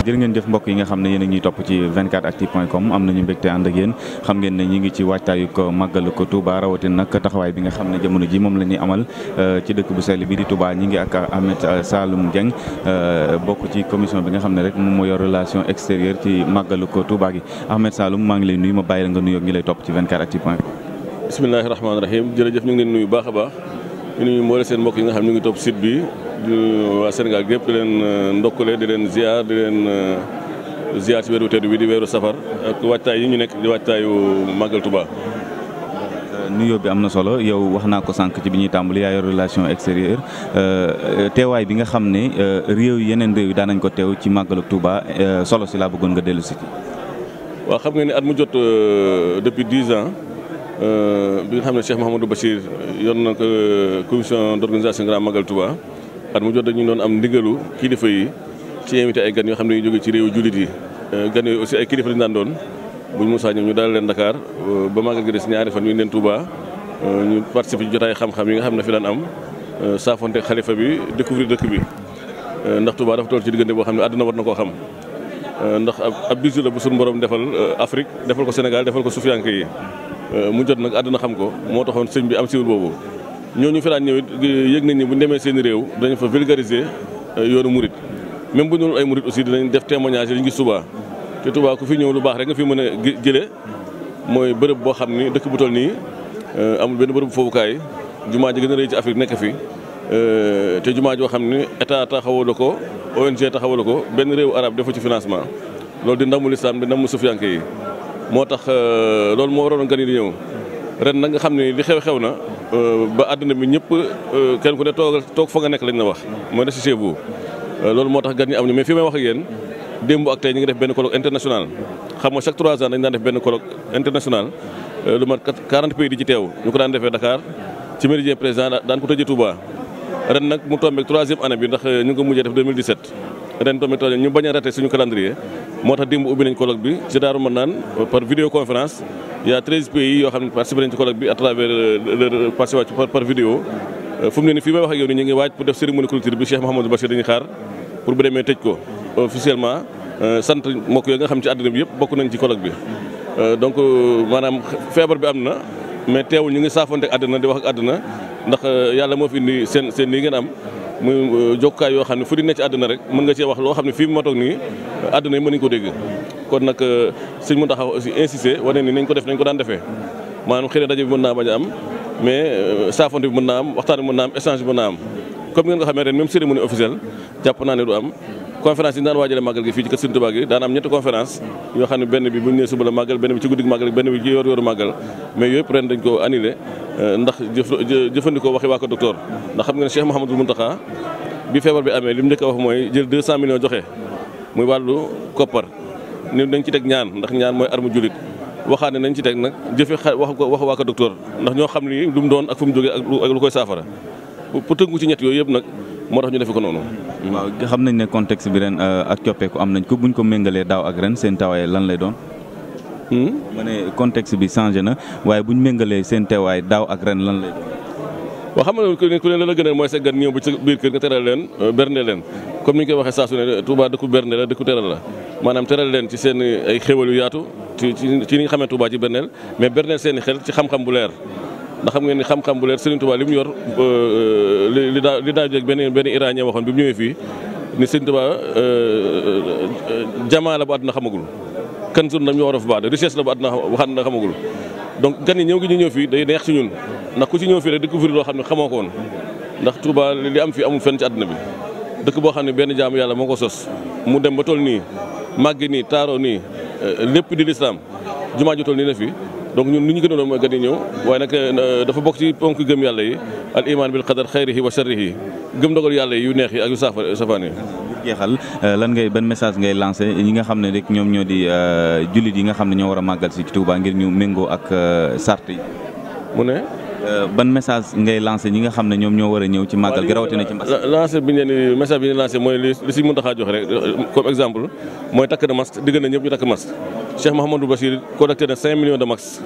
jërë ngeen jëf mbokk yi nga xam ne yéen ñuy topp ci 24 point com am nañu mbégte ànd ak yéen xam ngeen ne ñi ngi ci waajtaayu ko màggalu ko Touba rawatin nag taxawaay bi nga xam ne jamono ji moom la ñuy amal euh, ci dëkk bu sell bi di Touba ñi ngi ak Ahmed euh, Saloum Dieng euh, bokk ci commission bi nga xam ne rek moom moo relation extérieure ci màggalu ko Touba gi Ahmed Saloum maa ngi lay nuyu ma bàyyi la nga nuyoog ñi lay topp ci 24actu point com bismillahi di nuyu mboole seen mbokk yi nga xam ñu ngi topp site bi di waa Sénégal gépp leen euh, ndokkale di leen ziar di leen euh, ziar ci weeru tedd bi di weeru safar ak waajtaay yi ñu nekk di waajtaayu màggal Touba. Euh, nuyoo bi am na solo yow wax naa ko sànq ci bi ñuy tàmbali yaa yor relation extérieure teewaay bi nga xam ne réew yeneen réew yi daan nañ ko teew ci màggal Touba solo si laa bëggoon nga dellu si. waaw xam nga ne at mu jot depuis dix Euh, bi nga xam ne Cheikh Mouhamadou Bachir euh, yor na euh, commission d'organisation Grand Magal Touba at mu jot dañu doon am ndigalu kilifa yi ci invité ay gan yoo xam ne ñu jóge ci réew jullit yi. gan yooyu aussi ay kilifa lañu daan doon buñ Moussa ñëw ñu dalal leen Dakar ba Magal gi des ñaari fan ñu leen Touba ñu participer ci jotaay xam-xam yi nga xam ne fi daan am saafonte xalifa bi découvrir dëkk bi ndax Touba dafa toll ci diggante boo xam ne àdduna war na koo xam. ndax ab bisu la bu borom defal Afrique defal ko Sénégal defal ko sufiyanke yi Euh, mu jot nag àdduna xam ko moo taxoon sëñ bi am siiwul boobu ñoo ñu daan ñëw yëg nañ ni bu ñu demee seen réew dañ fa vulgariser euh, yoonu murit même bu ñu ay murit aussi dinañ def témoignage yi ñu gis Touba te Touba ku fi ñëw lu baax rek nga fi mën a jëlee mooy bërëb boo xam ni dëkk bu nii euh, amul benn bërëb foofukaay jumaa ji gën a rëy ci Afrique nekk fi te jumaa joo xam ni état taxawala ko ONG taxawala ko benn réew arab defu ci financement loolu di ndamu lislaam di ndamu sufiyanke yi moo tax euh, loolu moo waroon gan yi di ñëw ren nag nga xam ne li xew-xew na euh, ba àddina bi ñëpp euh, kenn ku ne toog toog fa nga nekk lañ la wax mooy ne si chez vous loolu moo tax gan ñi am ñu mais fi may wax ak démb ak tey ñu ngi def benn colloque international xam nga chaque trois ans dañu daan def benn colloque international lu mat quarante pays di ci teew ñu ko daan defee Dakar ci méridien président daan ko tëjee Touba ren nag mu tombé troisième année bi ndax ñu ngi ko ren tamit ñu bañ a raté suñu calendrier moo tax démb ubbi nañ colloque bi ci Daaru Manaan par vidéoconférence il y a 13 ci euh, euh, par par vidéo euh, ne nii fii may wax ak yow ñu ngi waaj pour def cérémonie culture bi Cheikh Mouhamadou Bachir dañuy xaar pour bu demee tëj ko officiellement sant mbokk yooyu nga xam ci àddina bi yëpp bokk nañ ci colloque bi donc maanaam feebar bi am na mais teewul ñu ngi saafonte ak àddina di wax ak àddina ndax euh, yàlla moo fi indi seen seen lii ngeen am muy euh, jokkaay yoo xam ne fu di nekk ci àdduna rek mën nga cee wax loo xam ne fii ma toog nii àdduna yi mën nañu ko dégg kon nag euh, sëñ mu taxaw aussi insisté wane ni nañ ko def nañ ko daan defee maanaam xëy na daje bi mën naa a am mais saafonte bi mën naa am waxtaan bi mën naa am échange bi naa am comme ngeen ko xamee ren même cérémonie officielle jàpp naa ne du am conférence yi ñu daan waajale màggal gi fii ci kër Sëriñ Tuubaa gi daan am ñetti conférence yoo xam ne benn bi bu ñu nee suba la màggal benn bi ci guddig màggal benn bi ci yor màggal mais yëpp ren dañ ko annulé euh, ndax jëfandikoo waxi waa ko docteur ndax xam nga ne Cheikh bi feebar li mu njëkk wax mooy jël 200 millions joxe muy wàllu koppar ni dañ ci teg ñaan ndax ñaan mooy armu julit waxaane nañ ci teg nag jëfe wax ko wax waa ko ndax ñoo xam ni lu mu doon ak fu jóge jógee ak lu koy saafara pour tënku ci ñett yooyu yëpp nag moo tax ñu defe ko noonu. waaw xam nañ ne contexte bi ren euh, ak coppeeku am nañ ko buñ ko méngalee daaw ak ren seen tawaay lan lay doon. Hmm? ma ne bi changé na waaye buñ méngalee seen teewaay daaw ak ren lan lay doon. xam nga ku leen la gënal mooy sa gan ñëw ba ci biir kër nga teral leen euh, bernde leen comme ni ñu koy waxee saa su ne Touba dëkku bernde la dëkku teral la maanaam teral leen ci seen ay xewalu yaatu ci ci ni nga xamee Touba ci berndeel mais berndeel seen i xel ci xam-xam bu leer ndax xam ngeen ni xam-xam bu leer Serigne Touba li mu yor euh, li daa li daa jóg benn benn iranien waxoon bi mu ñëwee fii ni Serigne Touba euh, jamaa la bu àdduna xamagul kan suñu nam ñu war a fa baax de richesse la bu àdduna na xamagul donc gan yi ñëw gi ñu ñëw fii day neex ci ñun ndax ku ci ñëw fii rek découvrir loo xam ne xamoo ko woon ndax Touba li am fii amul fen ci àddina bi dëkk boo xam ne benn jaamu yàlla moo ko sos mu dem ba toll nii màggi nii taaro nii euh, lépp di lislaam jumaa ju toll nii na fi donc ñun li ñu gënoon mooy gën a ñëw waaye nag euh, dafa bokk ci ponk gëm yàlla yi bil iman bil qadar xayrihi wa sharrihi gëm dogal yàlla yi yu neex yi ak yu saafa safaan yi jeexal euh, lan ngay ban message ngay lancé ñi nga xam ne rek ñoom ñoo di euh, jullit yi nga xam ne ñoo war a màggal si ci Touba ngir ñu méngoo ak sart yi mu ne Euh, ban message ngay lancé ñi nga xam ne ñoom ñoo war a ñëw ci màggal gi rawatina ci mbas lancé bi ñu message bi ñu lancé mooy li si mën taxaa joxe rek comme exemple mooy takk na masque digg na ñëpp ñu takk masque Cheikh Mouhamadou Bachir collecté na 5 de masques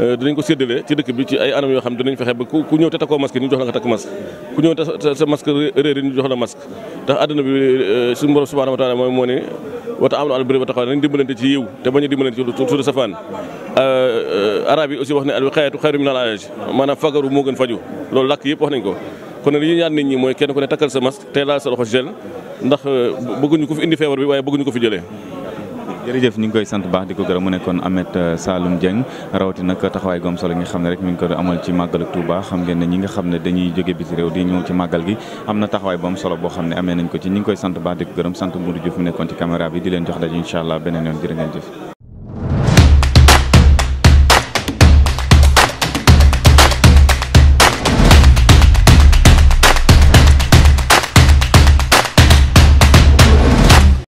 Euh, dinañ ko séddale ci dëkk bi ci ay anam yoo xam dinañ fexe ba ku ñëw te takkoo masque ñu jox la nga takk masque bi euh, suñu borom subhanahu wa taala mooy moo ne am na al bëri te bañ a dimbalante euh, aussi wax ne al wiqaayatu xayru min al ilaaj fagaru moo gën faju loolu làkk yëpp wax nañ ko kon li ñu ñi mooy kenn ku ne takkal sa masque te laal sa loxo gel ndax bëgguñu ko fi indi feebar bi waaye bëgguñu ko fi jëlee jërëjëf ñu ngi koy sant baax di ko gërëm mu nekkoon Ameth euh, Saloum Dieng rawatina nag taxawaay goom solo nga xam ne rek mi ngi ko amal ci màggal ak Touba xam ngeen ne ñi nga xam ne dañuy jóge biti réew di ñëw ci màggal gi am na taxawaay boom solo boo xam ne amee nañ ko ci ñu ngi koy sant baax di ko gërëm sant Moudou Diouf mu nekkoon ci caméra bi di leen jox daje incha allah beneen yoon jërë ngeen jëf